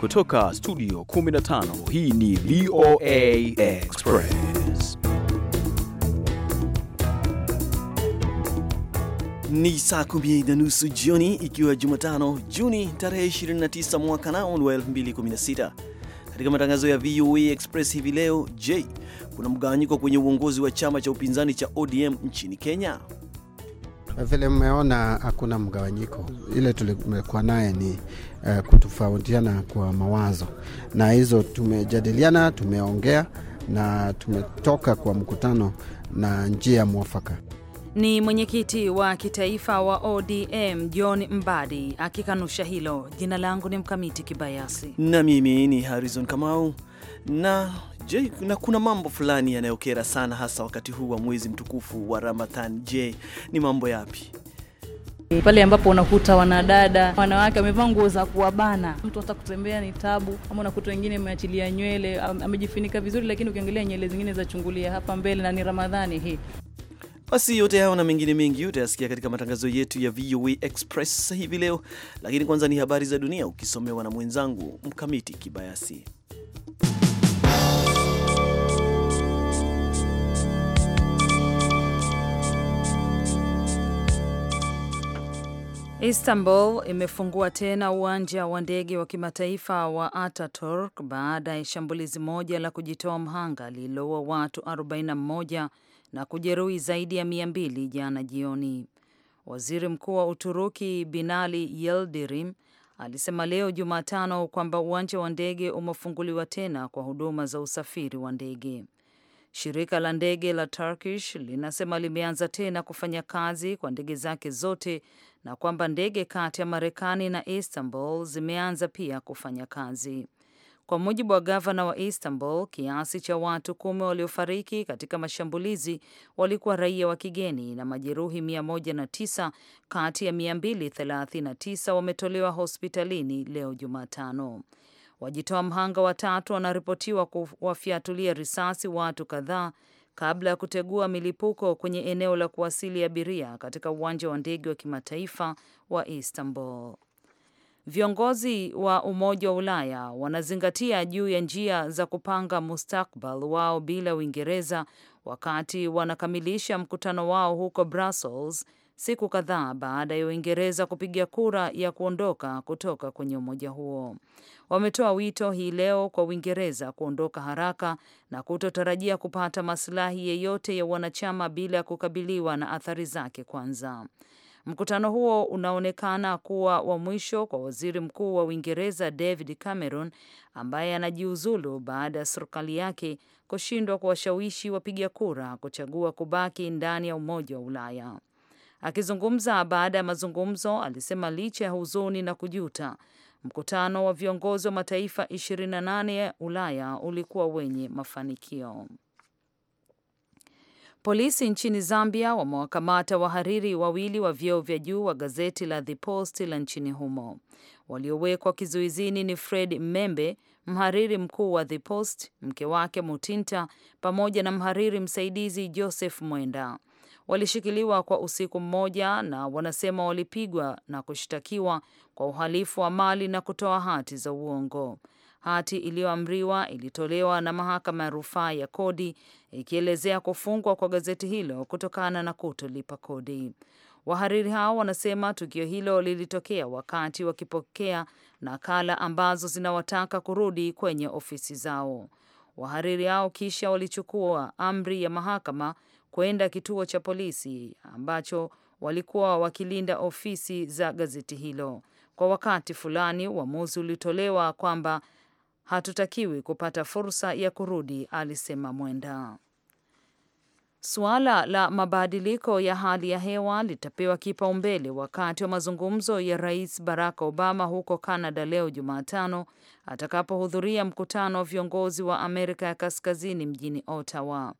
Kutoka studio 15 hii ni VOA Express. Ni saa kumi na nusu jioni ikiwa Jumatano, Juni tarehe 29 mwaka nao ni wa 2016. Katika matangazo ya VOA Express hivi leo, je, kuna mgawanyiko kwenye uongozi wa chama cha upinzani cha ODM nchini Kenya? Vile mmeona hakuna mgawanyiko, ile tulikuwa naye ni uh, kutofautiana kwa mawazo, na hizo tumejadiliana, tumeongea na tumetoka kwa mkutano na njia mwafaka. Ni mwenyekiti wa kitaifa wa ODM John Mbadi akikanusha hilo. Jina langu ni Mkamiti Kibayasi na mimi ni Harrison Kamau na Je, na kuna mambo fulani yanayokera sana hasa wakati huu wa mwezi mtukufu wa Ramadhan? Je, ni mambo yapi? Pale ambapo unakuta wanadada wanawake wamevaa nguo za kuwabana, mtu hata kutembea ni tabu, ama unakuta wengine ameachilia nywele, amejifunika vizuri, lakini ukiangalia nywele zingine za chungulia hapa mbele, na ni Ramadhani hii. Basi yote hayo na mengine mengi utayasikia katika matangazo yetu ya VOA Express hivi leo, lakini kwanza ni habari za dunia ukisomewa na mwenzangu Mkamiti Kibayasi. Istanbul imefungua tena uwanja wa ndege wa kimataifa wa Ataturk baada ya shambulizi moja la kujitoa mhanga lililoua watu 41 na kujeruhi zaidi ya 200 jana jioni. Waziri Mkuu wa Uturuki Binali Yildirim alisema leo Jumatano kwamba uwanja wa ndege umefunguliwa tena kwa huduma za usafiri wa ndege. Shirika la ndege la Turkish linasema limeanza tena kufanya kazi kwa ndege zake zote na kwamba ndege kati ya Marekani na Istanbul zimeanza pia kufanya kazi. Kwa mujibu wa gavana wa Istanbul, kiasi cha watu kumi waliofariki katika mashambulizi walikuwa raia wa kigeni na majeruhi 109 kati ya 239 wametolewa hospitalini leo Jumatano. Wajitoa mhanga watatu wanaripotiwa kuwafyatulia risasi watu kadhaa kabla ya kutegua milipuko kwenye eneo la kuwasili abiria katika uwanja wa ndege wa kimataifa wa Istanbul. Viongozi wa Umoja wa Ulaya wanazingatia juu ya njia za kupanga mustakbal wao bila Uingereza wakati wanakamilisha mkutano wao huko Brussels siku kadhaa baada ya Uingereza kupiga kura ya kuondoka kutoka kwenye umoja huo. Wametoa wito hii leo kwa Uingereza kuondoka haraka na kutotarajia kupata masilahi yeyote ya wanachama bila ya kukabiliwa na athari zake kwanza. Mkutano huo unaonekana kuwa wa mwisho kwa waziri mkuu wa Uingereza David Cameron ambaye anajiuzulu baada ya serikali yake kushindwa kuwashawishi wapiga kura kuchagua kubaki ndani ya Umoja wa Ulaya. Akizungumza baada ya mazungumzo, alisema licha ya huzuni na kujuta, mkutano wa viongozi wa mataifa 28 ya Ulaya ulikuwa wenye mafanikio. Polisi nchini Zambia wamewakamata wahariri wawili wa vyeo vya juu wa gazeti la The Post la nchini humo. Waliowekwa kizuizini ni Fred Mmembe, mhariri mkuu wa The Post, mke wake Mutinta, pamoja na mhariri msaidizi Joseph Mwenda walishikiliwa kwa usiku mmoja na wanasema walipigwa na kushtakiwa kwa uhalifu wa mali na kutoa hati za uongo. Hati iliyoamriwa ilitolewa na mahakama ya rufaa ya kodi ikielezea kufungwa kwa gazeti hilo kutokana na kutolipa kodi. Wahariri hao wanasema tukio hilo lilitokea wakati wakipokea nakala ambazo zinawataka kurudi kwenye ofisi zao. Wahariri hao kisha walichukua amri ya mahakama kwenda kituo cha polisi ambacho walikuwa wakilinda ofisi za gazeti hilo. Kwa wakati fulani, uamuzi ulitolewa kwamba hatutakiwi kupata fursa ya kurudi, alisema Mwenda. Suala la mabadiliko ya hali ya hewa litapewa kipaumbele wakati wa mazungumzo ya Rais Barack Obama huko Canada leo Jumatano, atakapohudhuria mkutano wa viongozi wa Amerika ya Kaskazini mjini Ottawa.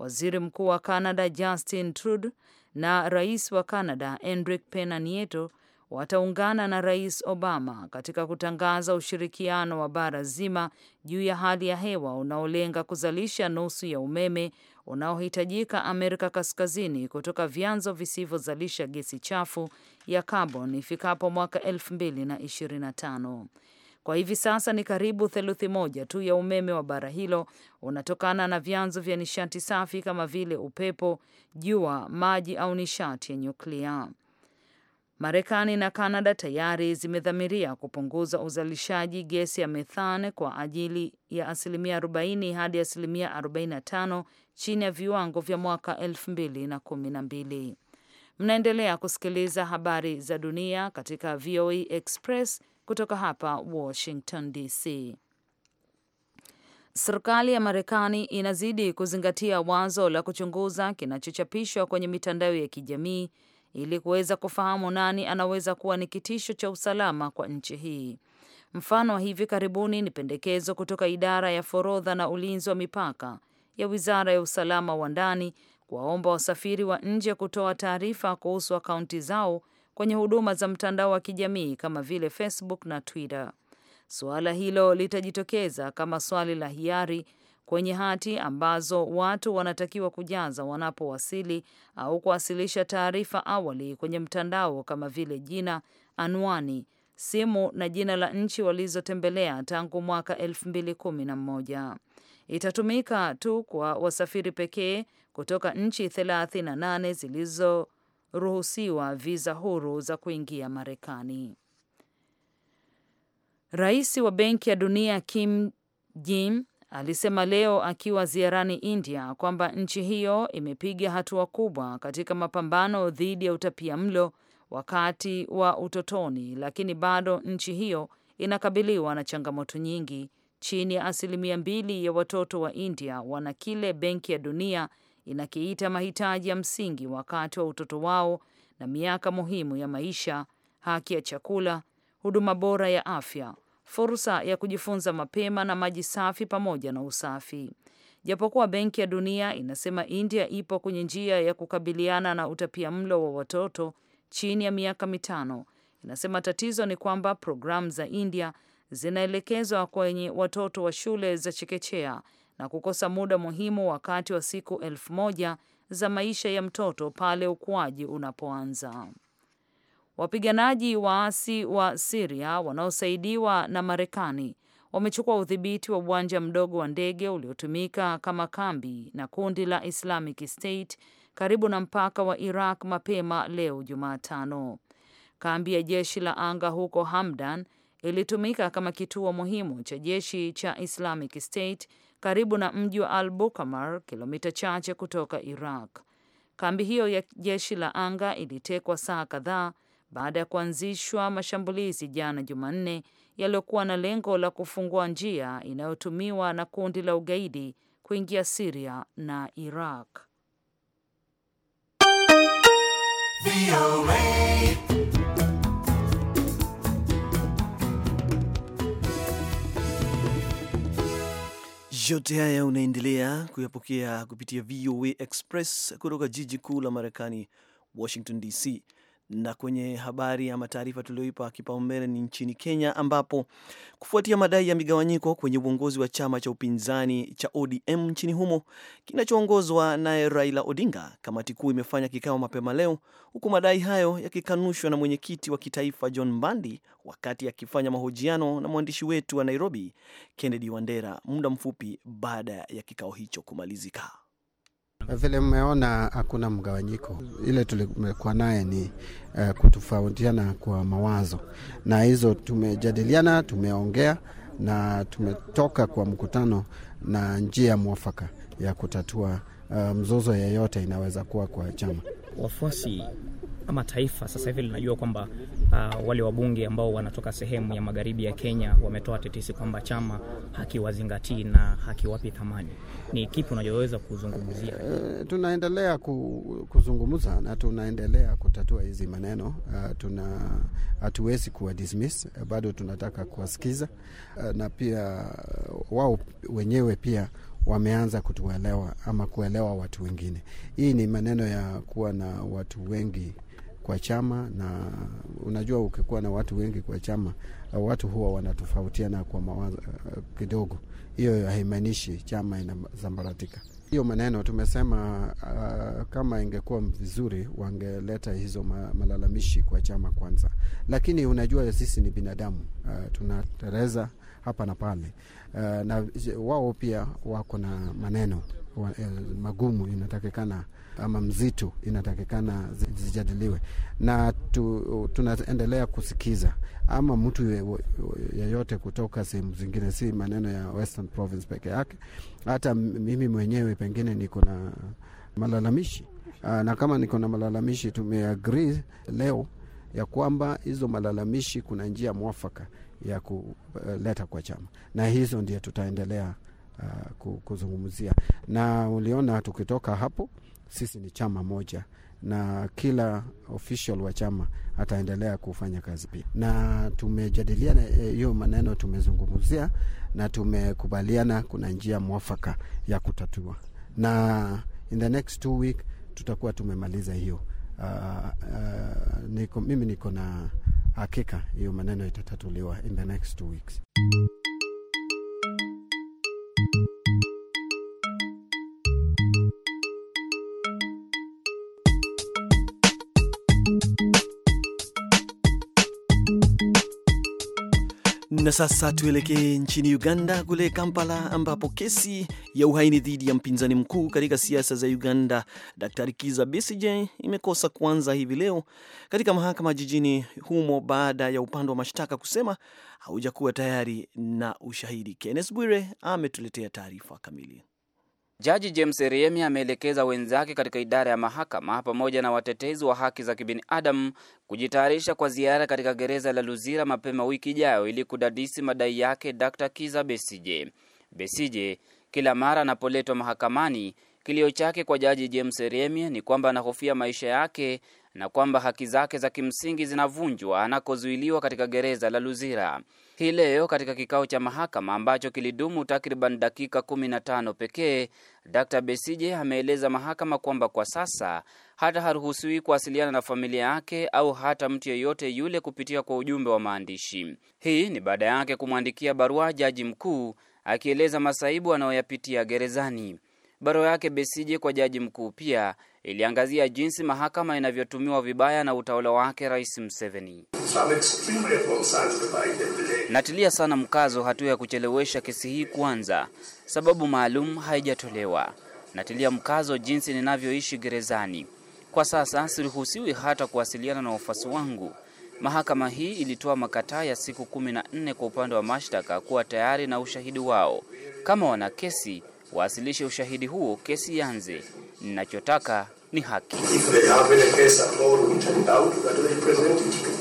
Waziri Mkuu wa Canada Justin Trudeau na Rais wa Canada Enrique Pena Nieto wataungana na Rais Obama katika kutangaza ushirikiano wa bara zima juu ya hali ya hewa unaolenga kuzalisha nusu ya umeme unaohitajika Amerika Kaskazini kutoka vyanzo visivyozalisha gesi chafu ya carbon ifikapo mwaka 2025. Kwa hivi sasa ni karibu theluthi moja tu ya umeme wa bara hilo unatokana na vyanzo vya nishati safi kama vile upepo, jua, maji au nishati ya nyuklia. Marekani na Kanada tayari zimedhamiria kupunguza uzalishaji gesi ya methane kwa ajili ya asilimia 40 hadi asilimia 45 chini ya viwango vya mwaka 2012. Mnaendelea kusikiliza habari za dunia katika VOA e Express kutoka hapa Washington DC. Serikali ya Marekani inazidi kuzingatia wazo la kuchunguza kinachochapishwa kwenye mitandao ya kijamii ili kuweza kufahamu nani anaweza kuwa ni kitisho cha usalama kwa nchi hii. Mfano wa hivi karibuni ni pendekezo kutoka idara ya forodha na ulinzi wa mipaka ya Wizara ya Usalama wa Ndani kuwaomba wasafiri wa nje kutoa taarifa kuhusu akaunti zao kwenye huduma za mtandao wa kijamii kama vile Facebook na Twitter. Suala hilo litajitokeza kama swali la hiari kwenye hati ambazo watu wanatakiwa kujaza wanapowasili au kuwasilisha taarifa awali kwenye mtandao kama vile jina, anwani, simu na jina la nchi walizotembelea tangu mwaka 2011. Itatumika tu kwa wasafiri pekee kutoka nchi 38 zilizo kuruhusiwa viza huru za kuingia Marekani. Rais wa Benki ya Dunia Kim Jim alisema leo akiwa ziarani India kwamba nchi hiyo imepiga hatua kubwa katika mapambano dhidi ya utapia mlo wakati wa utotoni, lakini bado nchi hiyo inakabiliwa na changamoto nyingi. Chini ya asilimia mbili ya watoto wa India wana kile Benki ya Dunia inakiita mahitaji ya msingi wakati wa utoto wao na miaka muhimu ya maisha, haki ya chakula, huduma bora ya afya, fursa ya kujifunza mapema na maji safi pamoja na usafi. Japokuwa Benki ya Dunia inasema India ipo kwenye njia ya kukabiliana na utapia mlo wa watoto chini ya miaka mitano, inasema tatizo ni kwamba programu za India zinaelekezwa kwenye watoto wa shule za chekechea na kukosa muda muhimu wakati wa siku elfu moja za maisha ya mtoto pale ukuaji unapoanza. Wapiganaji waasi wa Siria wanaosaidiwa na Marekani wamechukua udhibiti wa uwanja mdogo wa ndege uliotumika kama kambi na kundi la Islamic State karibu na mpaka wa Iraq mapema leo Jumatano. Kambi ya jeshi la anga huko Hamdan ilitumika kama kituo muhimu cha jeshi cha Islamic State karibu na mji wa Al Bukamar, kilomita chache kutoka Iraq. Kambi hiyo ya jeshi la anga ilitekwa saa kadhaa baada ya kuanzishwa mashambulizi jana Jumanne yaliyokuwa na lengo la kufungua njia inayotumiwa na kundi la ugaidi kuingia Siria na Iraq. Yote haya unaendelea kuyapokea kupitia VOA Express kutoka jiji kuu la Marekani, Washington DC. Na kwenye habari ama taarifa tulioipa kipaumbele ni nchini Kenya, ambapo kufuatia madai ya migawanyiko kwenye uongozi wa chama cha upinzani cha ODM nchini humo kinachoongozwa naye Raila Odinga, kamati kuu imefanya kikao mapema leo, huku madai hayo yakikanushwa na mwenyekiti wa kitaifa John Mbandi wakati akifanya mahojiano na mwandishi wetu wa Nairobi Kennedy Wandera muda mfupi baada ya kikao hicho kumalizika. Vile mmeona hakuna mgawanyiko, ile tulikuwa naye ni uh, kutofautiana kwa mawazo, na hizo tumejadiliana, tumeongea na tumetoka kwa mkutano na njia mwafaka ya kutatua uh, mzozo yeyote inaweza kuwa kwa chama. Wafuasi ama taifa sasa hivi linajua kwamba uh, wale wabunge ambao wanatoka sehemu ya magharibi ya Kenya wametoa tetesi kwamba chama hakiwazingatii na hakiwapi thamani. Ni kipi unachoweza kuzungumzia? Uh, tunaendelea ku, kuzungumza na tunaendelea kutatua hizi maneno uh, tuna hatuwezi kuwa dismiss, uh, bado tunataka kuwasikiza uh, na pia uh, wao wenyewe pia wameanza kutuelewa ama kuelewa watu wengine. Hii ni maneno ya kuwa na watu wengi kwa chama, na unajua ukikuwa na watu wengi kwa chama uh, watu huwa wanatofautiana kwa mawazo uh, kidogo. Hiyo haimaanishi chama inasambaratika. Hiyo maneno tumesema, uh, kama ingekuwa vizuri wangeleta hizo malalamishi kwa chama kwanza, lakini unajua sisi ni binadamu, uh, tunatereza hapa na pale, uh, na wao pia wako na maneno wa, uh, magumu inatakikana ama mzito inatakikana zijadiliwe, na tu, tunaendelea kusikiza ama mtu yeyote kutoka sehemu zingine, si maneno ya Western Province peke yake. Hata mimi mwenyewe pengine niko na malalamishi ah, na kama niko na malalamishi, tumeagri leo ya kwamba hizo malalamishi kuna njia mwafaka ya kuleta kwa chama, na hizo ndio tutaendelea ah, kuzungumzia. Na uliona tukitoka hapo sisi ni chama moja na kila official wa chama ataendelea kufanya kazi pia, na tumejadiliana eh, hiyo maneno, tumezungumzia na tumekubaliana kuna njia mwafaka ya kutatua, na in the next two week tutakuwa tumemaliza hiyo. Uh, uh, niko, mimi niko na hakika hiyo maneno itatatuliwa in the next two weeks. Na sasa tuelekee nchini Uganda, kule Kampala, ambapo kesi ya uhaini dhidi ya mpinzani mkuu katika siasa za Uganda, Daktari Kiza Besigye, imekosa kuanza hivi leo katika mahakama jijini humo baada ya upande wa mashtaka kusema haujakuwa tayari na ushahidi. Kenneth Bwire ametuletea taarifa kamili. Jaji James Riemi ameelekeza wenzake katika idara ya mahakama pamoja na watetezi wa haki za kibinadamu kujitayarisha kwa ziara katika gereza la Luzira mapema wiki ijayo ili kudadisi madai yake Dr. Kiza Besije. Besije kila mara anapoletwa mahakamani, kilio chake kwa Jaji James Riemi ni kwamba anahofia maisha yake na kwamba haki zake za kimsingi zinavunjwa anakozuiliwa katika gereza la Luzira hii leo katika kikao cha mahakama ambacho kilidumu takriban dakika 15 pekee, Dr. Besije ameeleza mahakama kwamba kwa sasa hata haruhusiwi kuwasiliana na familia yake au hata mtu yeyote yule kupitia kwa ujumbe wa maandishi. Hii ni baada yake kumwandikia barua jaji mkuu akieleza masaibu anayoyapitia gerezani. Barua yake Besije kwa jaji mkuu pia iliangazia jinsi mahakama inavyotumiwa vibaya na utawala wake Rais Museveni. So Natilia sana mkazo hatua ya kuchelewesha kesi hii kwanza, sababu maalum haijatolewa. Natilia mkazo jinsi ninavyoishi gerezani kwa sasa, siruhusiwi hata kuwasiliana na wafuasi wangu. Mahakama hii ilitoa makataa ya siku kumi na nne kwa upande wa mashtaka kuwa tayari na ushahidi wao. Kama wana kesi wawasilishe ushahidi huo, kesi ianze. Ninachotaka ni haki.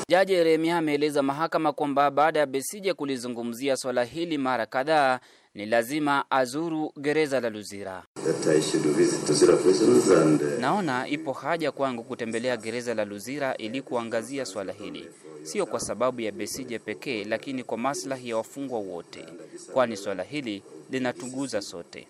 Jaji Yeremia ameeleza mahakama kwamba baada ya Besije kulizungumzia swala hili mara kadhaa, ni lazima azuru gereza la Luzira. naona ipo haja kwangu kutembelea gereza la Luzira ili kuangazia swala hili, sio kwa sababu ya Besije pekee, lakini kwa maslahi ya wafungwa wote, kwani swala hili linatuguza sote.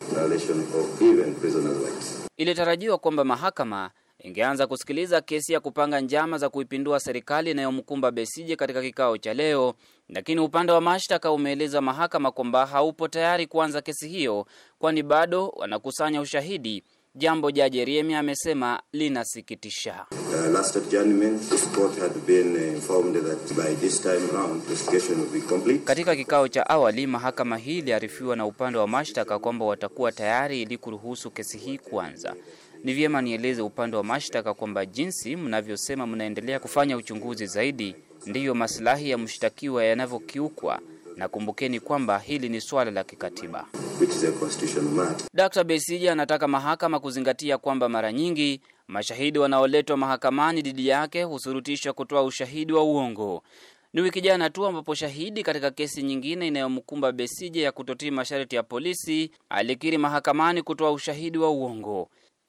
Ilitarajiwa kwamba mahakama ingeanza kusikiliza kesi ya kupanga njama za kuipindua serikali inayomkumba Besije katika kikao cha leo, lakini upande wa mashtaka umeeleza mahakama kwamba haupo tayari kuanza kesi hiyo, kwani bado wanakusanya ushahidi. Jambo Jaji Riemi amesema linasikitisha. Uh, uh, katika kikao cha awali, mahakama hii iliarifiwa na upande wa mashtaka kwamba watakuwa tayari ili kuruhusu kesi hii kuanza, ni vyema nieleze upande wa mashtaka kwamba jinsi mnavyosema mnaendelea kufanya uchunguzi zaidi, ndiyo maslahi ya mshtakiwa yanavyokiukwa, na kumbukeni kwamba hili ni swala la kikatiba. Dr. besija anataka mahakama kuzingatia kwamba mara nyingi mashahidi wanaoletwa mahakamani dhidi yake husurutishwa kutoa ushahidi wa uongo. Ni wiki jana tu ambapo shahidi katika kesi nyingine inayomkumba Besije ya kutotii masharti ya polisi alikiri mahakamani kutoa ushahidi wa uongo.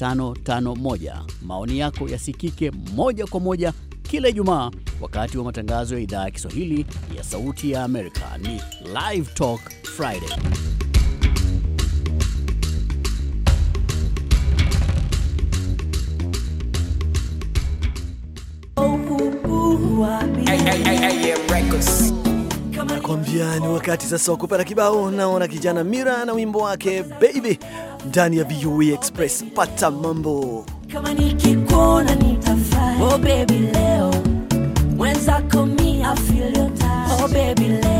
551. Maoni yako yasikike moja kwa moja kila Ijumaa wakati wa matangazo ya idhaa ya Kiswahili ya Sauti ya Amerika. Ni Live Talk Friday. Nakwambia ni wakati sasa wa kupata kibao. Naona kijana Mira na wimbo wake baby ndani ya VOA e Express. Pata mambo kama nikikuona nitafai. Oh baby leo mwenzako mi afilio ta. Oh baby leo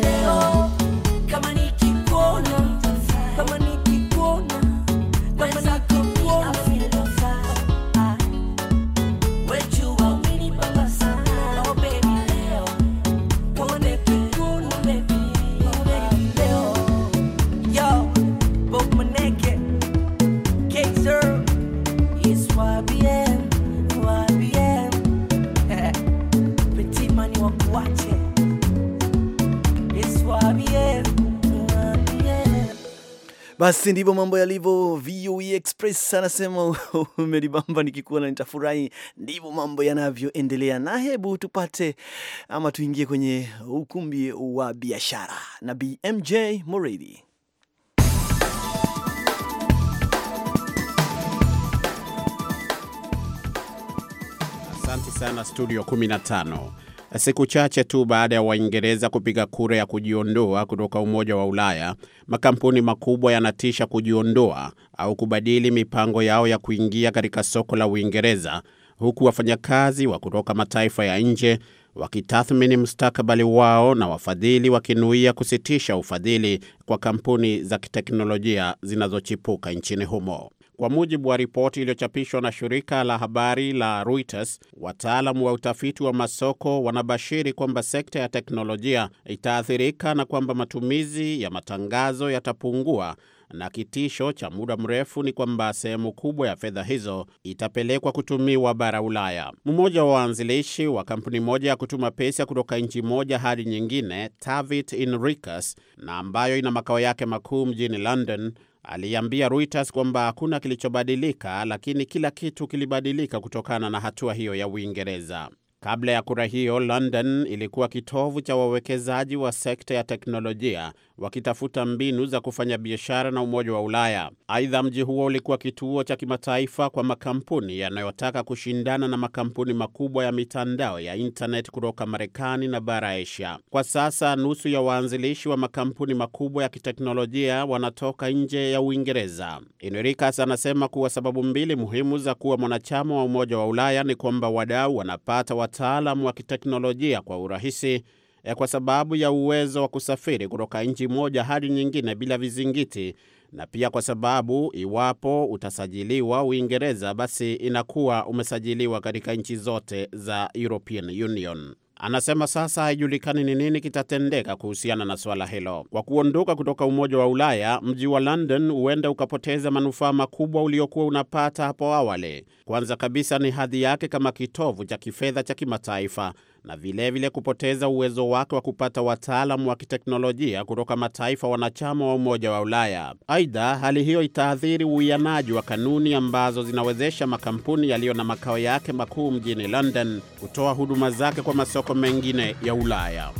Basi ndivyo mambo yalivyo. VOA e Express anasema umelibamba, na nitafurahi. Ndivyo mambo yanavyoendelea, na hebu tupate ama tuingie kwenye ukumbi wa biashara na BMJ Moredi. Asante sana studio 15. Siku chache tu baada ya Waingereza kupiga kura ya kujiondoa kutoka Umoja wa Ulaya, makampuni makubwa yanatisha kujiondoa au kubadili mipango yao ya kuingia katika soko la Uingereza, huku wafanyakazi wa kutoka mataifa ya nje wakitathmini mustakabali wao na wafadhili wakinuia kusitisha ufadhili kwa kampuni za kiteknolojia zinazochipuka nchini humo. Kwa mujibu wa ripoti iliyochapishwa na shirika la habari la Reuters, wataalamu wa utafiti wa masoko wanabashiri kwamba sekta ya teknolojia itaathirika na kwamba matumizi ya matangazo yatapungua, na kitisho cha muda mrefu ni kwamba sehemu kubwa ya fedha hizo itapelekwa kutumiwa bara Ulaya. Mmoja wa waanzilishi wa kampuni moja ya kutuma pesa kutoka nchi moja hadi nyingine, Tavit Enricus, na ambayo ina makao yake makuu mjini London aliambia Reuters kwamba hakuna kilichobadilika, lakini kila kitu kilibadilika kutokana na hatua hiyo ya Uingereza. Kabla ya kura hiyo, London ilikuwa kitovu cha wawekezaji wa sekta ya teknolojia wakitafuta mbinu za kufanya biashara na Umoja wa Ulaya. Aidha, mji huo ulikuwa kituo cha kimataifa kwa makampuni yanayotaka kushindana na makampuni makubwa ya mitandao ya intanet kutoka Marekani na bara Asia. Kwa sasa nusu ya waanzilishi wa makampuni makubwa ya kiteknolojia wanatoka nje ya Uingereza. Inerikas anasema kuwa sababu mbili muhimu za kuwa mwanachama wa Umoja wa Ulaya ni kwamba wadau wanapata wataalamu wa kiteknolojia kwa urahisi kwa sababu ya uwezo wa kusafiri kutoka nchi moja hadi nyingine bila vizingiti, na pia kwa sababu iwapo utasajiliwa Uingereza, basi inakuwa umesajiliwa katika nchi zote za European Union. Anasema sasa haijulikani ni nini kitatendeka kuhusiana na swala hilo. Kwa kuondoka kutoka Umoja wa Ulaya, mji wa London huenda ukapoteza manufaa makubwa uliokuwa unapata hapo awali. Kwanza kabisa ni hadhi yake kama kitovu cha kifedha cha kimataifa na vilevile vile kupoteza uwezo wake wa kupata wataalamu wa kiteknolojia kutoka mataifa wanachama wa Umoja wa Ulaya. Aidha, hali hiyo itaathiri uwianaji wa kanuni ambazo zinawezesha makampuni yaliyo na makao yake makuu mjini London kutoa huduma zake kwa masoko mengine ya Ulaya.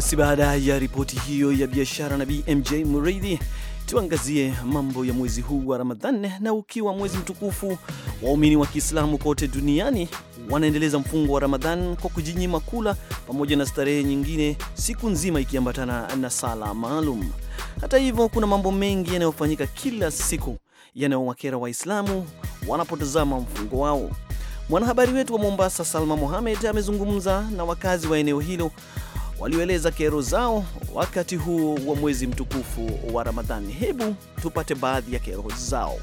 Basi baada ya ripoti hiyo ya biashara na BMJ Muridhi, tuangazie mambo ya mwezi huu wa Ramadhan. Na ukiwa mwezi mtukufu, waumini wa Kiislamu kote duniani wanaendeleza mfungo wa Ramadhan kwa kujinyima kula pamoja na starehe nyingine, siku nzima ikiambatana na sala maalum. Hata hivyo, kuna mambo mengi yanayofanyika kila siku yanayowakera Waislamu wanapotazama mfungo wao. Mwanahabari wetu wa Mombasa, Salma Mohamed, amezungumza na wakazi wa eneo hilo walioeleza kero zao wakati huu wa mwezi mtukufu wa Ramadhani. Hebu tupate baadhi ya kero zao.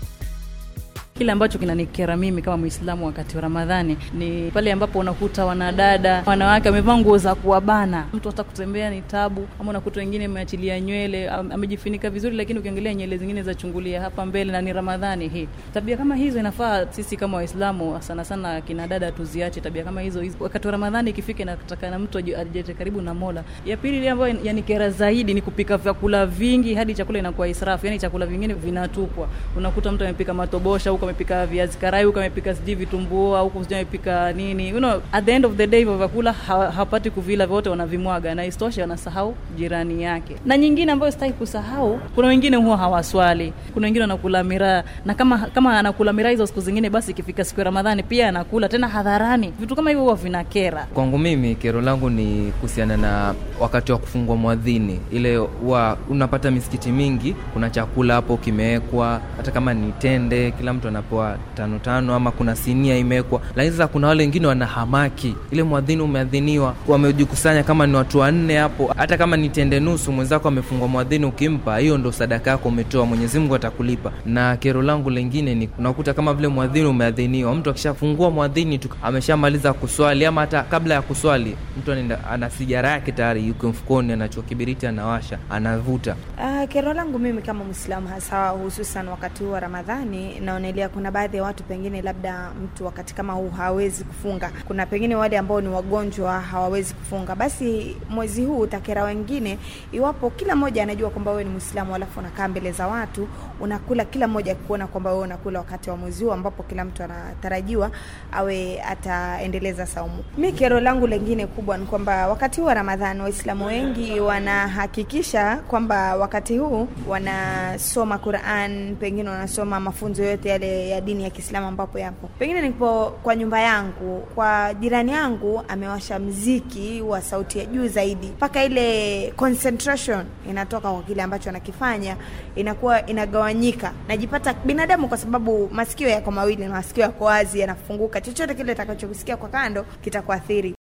Kile ambacho kinanikera mimi kama Muislamu wakati wa Ramadhani ni pale ambapo unakuta wanadada wanawake wamevaa nguo za kuwabana, mtu hata kutembea ni tabu, ama unakuta wengine ameachilia nywele, amejifunika vizuri, lakini ukiangalia nywele zingine za chungulia hapa mbele, na ni Ramadhani hii. Tabia kama hizo inafaa sisi kama Waislamu sana sana kina dada tuziache tabia kama hizo Wakati wa Ramadhani ikifika, nataka na mtu ajete karibu na Mola. Ya pili ile ambayo yanikera zaidi ni kupika vyakula vingi hadi chakula inakuwa israfu, yani chakula vingine vinatupwa, unakuta mtu amepika matobosha huko amepika viazi karai, huko amepika sijui vitumbua, huko sijui amepika nini. You know, at the end of the day hivyo vyakula hawapati kuvila vyote, wanavimwaga na istoshe, wanasahau jirani yake. Na nyingine ambayo sitaki kusahau, kuna wengine huwa hawaswali, kuna wengine wanakula miraa, na kama kama anakula miraa hizo siku zingine, basi ikifika siku ya Ramadhani pia anakula tena hadharani. Vitu kama hivyo huwa vinakera. Kwangu mimi kero langu ni kuhusiana na wakati wa kufungwa mwadhini, ile huwa unapata misikiti mingi, kuna chakula hapo kimewekwa, hata kama ni tende, kila mtu anapewa tano tano, ama kuna sinia imewekwa. Lakini sasa kuna wale wengine wana hamaki ile mwadhini umeadhiniwa, wamejikusanya kama ni watu wanne hapo, hata kama ni tende nusu, mwenzako amefungwa mwadhini, ukimpa hiyo ndo sadaka yako umetoa, Mwenyezi Mungu atakulipa. Na kero langu lingine ni unakuta kama vile mwadhini umeadhiniwa, mtu akishafungua mwadhini tu ameshamaliza kuswali, ama hata kabla ya kuswali mtu anenda, ana sigara yake tayari yuko mfukoni, anachua kibiriti, anawasha, anavuta. Uh, kero langu mimi kama Mwislamu hasa hususan wakati huu wa Ramadhani naonelea kuna baadhi ya watu pengine, labda mtu wakati kama huu hawezi kufunga, kuna pengine wale ambao ni wagonjwa hawawezi kufunga, basi mwezi huu utakera wengine, iwapo kila mmoja anajua kwamba wewe ni Muislamu alafu unakaa mbele za watu unakula kila mmoja kuona kwamba wewe unakula wakati wa mwezi huu ambapo kila mtu anatarajiwa awe ataendeleza saumu. Mi kero langu lengine kubwa ni kwamba wakati huu wa Ramadhani Waislamu wengi wanahakikisha kwamba wakati huu wanasoma Quran, pengine wanasoma mafunzo yote yale ya dini ya Kiislamu ambapo yapo. Pengine nipo kwa nyumba yangu, kwa jirani yangu amewasha mziki wa sauti ya juu zaidi, mpaka ile concentration inatoka kwa kile ambacho anakifanya inakuwa inagawa kugawanyika najipata binadamu, kwa sababu masikio yako mawili na masikio yako wazi, yanafunguka. Chochote kile utakachokusikia kwa kando kitakuathiri.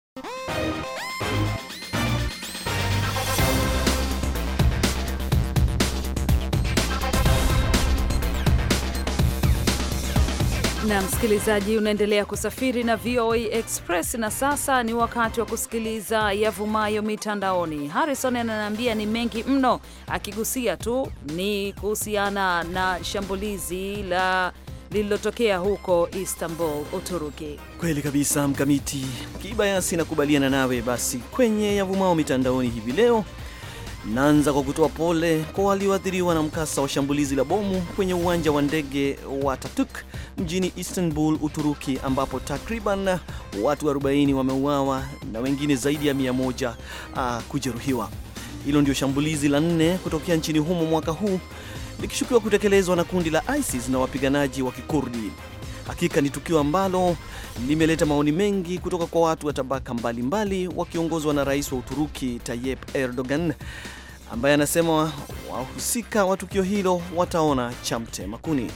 na msikilizaji, unaendelea kusafiri na VOA Express na sasa ni wakati wa kusikiliza yavumayo mitandaoni. Harrison ananiambia ni mengi mno, akigusia tu ni kuhusiana na shambulizi la lililotokea huko Istanbul, Uturuki. Kweli kabisa, Mkamiti Kibayasi, nakubaliana nawe. Basi kwenye yavumao mitandaoni hivi leo Naanza kwa kutoa pole kwa walioathiriwa na mkasa wa shambulizi la bomu kwenye uwanja wa ndege wa Tatuk mjini Istanbul, Uturuki, ambapo takriban watu 40 wameuawa na wengine zaidi ya 100 uh, ah, kujeruhiwa. Hilo ndio shambulizi la nne kutokea nchini humo mwaka huu likishukiwa kutekelezwa na kundi la ISIS na wapiganaji wa Kikurdi. Hakika ni tukio ambalo limeleta maoni mengi kutoka kwa watu wa tabaka mbalimbali wakiongozwa na rais wa Uturuki Tayyip Erdogan ambaye anasema wahusika wa tukio hilo wataona chamte makuni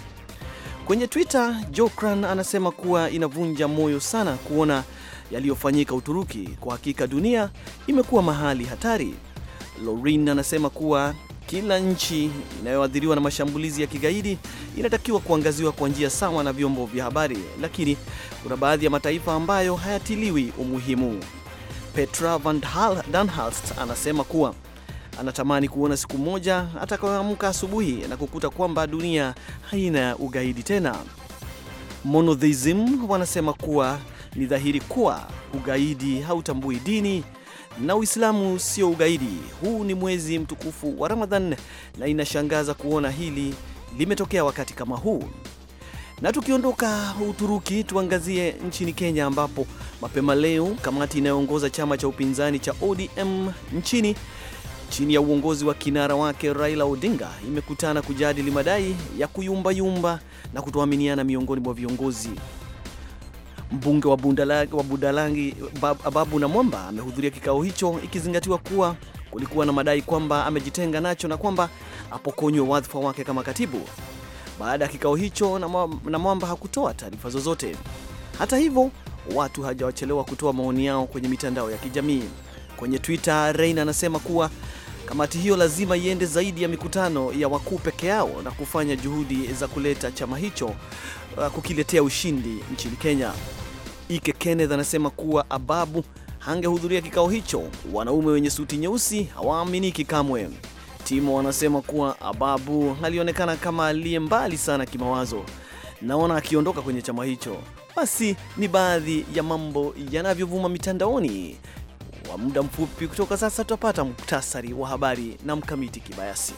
Kwenye Twitter, Jokran anasema kuwa inavunja moyo sana kuona yaliyofanyika Uturuki. Kwa hakika dunia imekuwa mahali hatari. Lorin anasema kuwa kila nchi inayoathiriwa na mashambulizi ya kigaidi inatakiwa kuangaziwa kwa njia sawa na vyombo vya habari, lakini kuna baadhi ya mataifa ambayo hayatiliwi umuhimu. Petra van anasema kuwa anatamani kuona siku moja atakayoamka asubuhi na kukuta kwamba dunia haina ugaidi tena. Monotheism wanasema kuwa ni dhahiri kuwa ugaidi hautambui dini na Uislamu sio ugaidi. Huu ni mwezi mtukufu wa Ramadhan na inashangaza kuona hili limetokea wakati kama huu. Na tukiondoka Uturuki, tuangazie nchini Kenya, ambapo mapema leo kamati inayoongoza chama cha upinzani cha ODM nchini chini ya uongozi wa kinara wake Raila Odinga imekutana kujadili madai ya kuyumbayumba na kutoaminiana miongoni mwa viongozi. Mbunge wa Budalangi Ababu Namwamba amehudhuria kikao hicho, ikizingatiwa kuwa kulikuwa na madai kwamba amejitenga nacho na kwamba apokonywe wadhifa wake kama katibu. Baada ya kikao hicho, Namwamba hakutoa taarifa zozote. Hata hivyo, watu hajawachelewa kutoa maoni yao kwenye mitandao ya kijamii. Kwenye Twitter, Reina anasema kuwa Kamati hiyo lazima iende zaidi ya mikutano ya wakuu peke yao na kufanya juhudi za kuleta chama hicho uh, kukiletea ushindi nchini Kenya. Ike Kenneth anasema kuwa ababu hangehudhuria kikao hicho. Wanaume wenye suti nyeusi hawaaminiki kamwe. Timo anasema kuwa ababu alionekana kama aliye mbali sana kimawazo, naona akiondoka kwenye chama hicho. Basi ni baadhi ya mambo yanavyovuma mitandaoni. Kwa muda mfupi kutoka sasa tutapata muktasari wa habari na Mkamiti Kibayasi.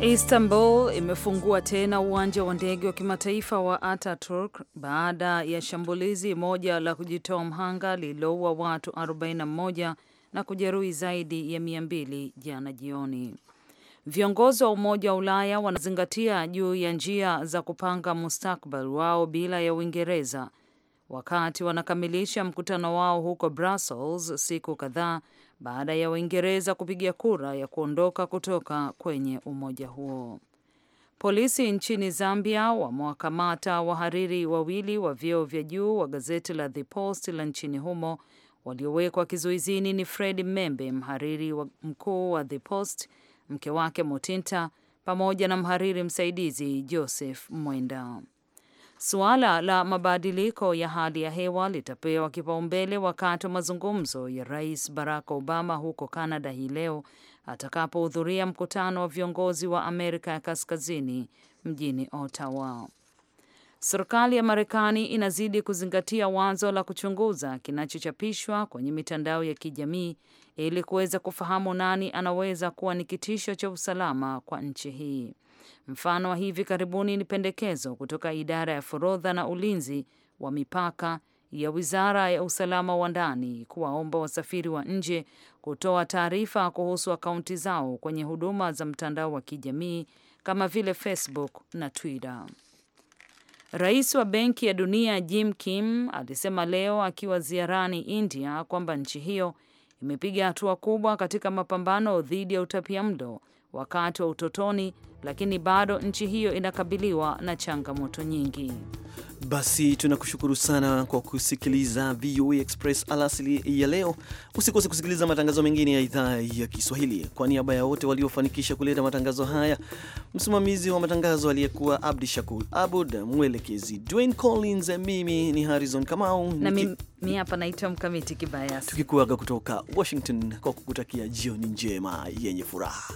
Istanbul imefungua tena uwanja wa ndege wa kimataifa wa Ataturk baada ya shambulizi moja la kujitoa mhanga lililoua watu 41 na kujeruhi zaidi ya 200 jana jioni. Viongozi wa Umoja wa Ulaya wanazingatia juu ya njia za kupanga mustakbal wao bila ya Uingereza wakati wanakamilisha mkutano wao huko Brussels siku kadhaa baada ya Uingereza kupiga kura ya kuondoka kutoka kwenye umoja huo. Polisi nchini Zambia wamewakamata wahariri wawili wa vyeo vya juu wa gazeti la The Post la nchini humo. Waliowekwa kizuizini ni Fred Membe, mhariri wa mkuu wa The Post, mke wake Motinta pamoja na mhariri msaidizi Joseph Mwenda. Suala la mabadiliko ya hali ya hewa litapewa kipaumbele wakati wa mazungumzo ya Rais Barack Obama huko Canada hii leo atakapohudhuria mkutano wa viongozi wa Amerika ya Kaskazini mjini Ottawa. Serikali ya Marekani inazidi kuzingatia wazo la kuchunguza kinachochapishwa kwenye mitandao ya kijamii ili kuweza kufahamu nani anaweza kuwa ni kitisho cha usalama kwa nchi hii. Mfano wa hivi karibuni ni pendekezo kutoka idara ya forodha na ulinzi wa mipaka ya Wizara ya Usalama wa Ndani kuwaomba wasafiri wa nje kutoa taarifa kuhusu akaunti zao kwenye huduma za mtandao wa kijamii kama vile Facebook na Twitter. Rais wa Benki ya Dunia Jim Kim alisema leo akiwa ziarani India kwamba nchi hiyo imepiga hatua kubwa katika mapambano dhidi ya utapiamlo wakati wa utotoni, lakini bado nchi hiyo inakabiliwa na changamoto nyingi. Basi tunakushukuru sana kwa kusikiliza VOA Express alasili ya leo. Usikose kusikiliza matangazo mengine ya idhaa ya Kiswahili. Kwa niaba ya wote waliofanikisha kuleta matangazo haya, msimamizi wa matangazo aliyekuwa Abdi Shakur Abud, mwelekezi Dwayne Collins, mimi ni Harrison Kamau na mimi mi hapa naitwa Mkamiti Kibayasi, tukikuaga kutoka Washington kwa kukutakia jioni njema yenye furaha.